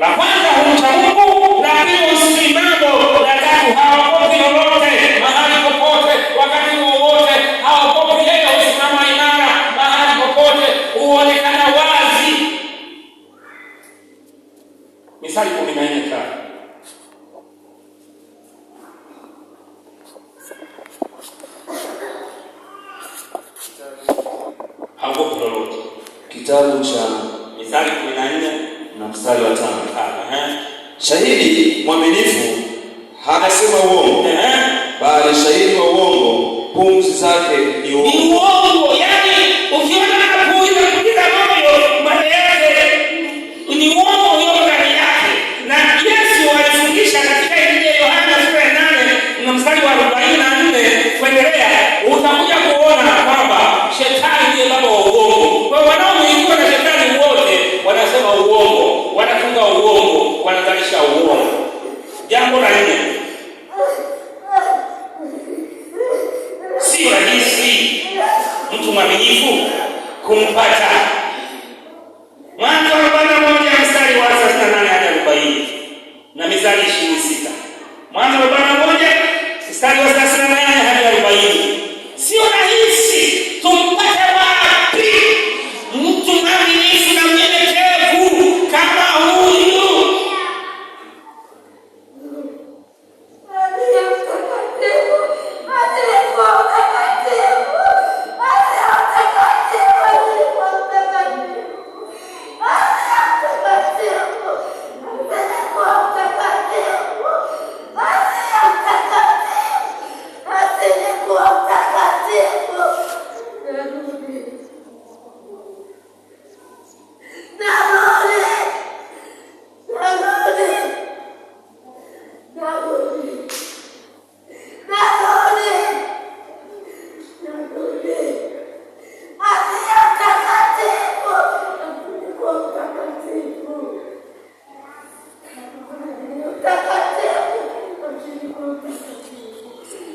La kwanza humcha Mungu, la pili usikii la tatu hawaogopi lolote mahali popote, wakati wowote, hawaogopi yeye. Husimama imara mahali popote, huonekana wazi. Misali kumi na nne tatu haogopi lolote, kitabu cha Misali kumi na nne na mstari wa tano. Shahidi mwaminifu hasema uongo, bali shahidi wa uongo pumzi zake ni uongo. Yani ukiona huyu anapiga moyo, maana yake ni uongo huyo ndani yake. Na Yesu alifundisha katika Injili ya Yohana sura ya 8 na mstari wa 40 jambo la nne, si rahisi mtu mwaminifu kumpata. Mwanzo arobaini na moja mstari wa thelathini na nane hadi arobaini na Mithali ishirini na sita Mwanzo arobaini na moja mstari wa thelathini na nane hadi arobaini Sio rahisi tumpate wapi mtu mwaminifu na mnyenyekevu kama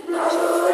Não, não.